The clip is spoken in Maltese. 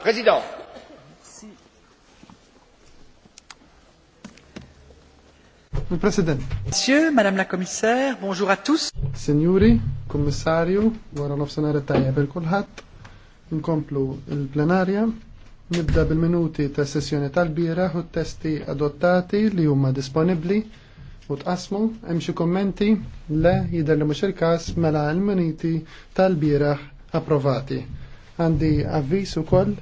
Président. Le président. Monsieur, Madame la Commissaire, bonjour à tous. Signori, Kommissarju, wara l-offsenare tajja per kulħadd, nkomplu il-plenarja, nibda bil-minuti ta' sessjoni tal-bira u testi adottati li huma disponibli u tqasmu hemm xi kommenti le jidher li mhux il-każ mela l-minuti tal bira approvati għandi avvis u koll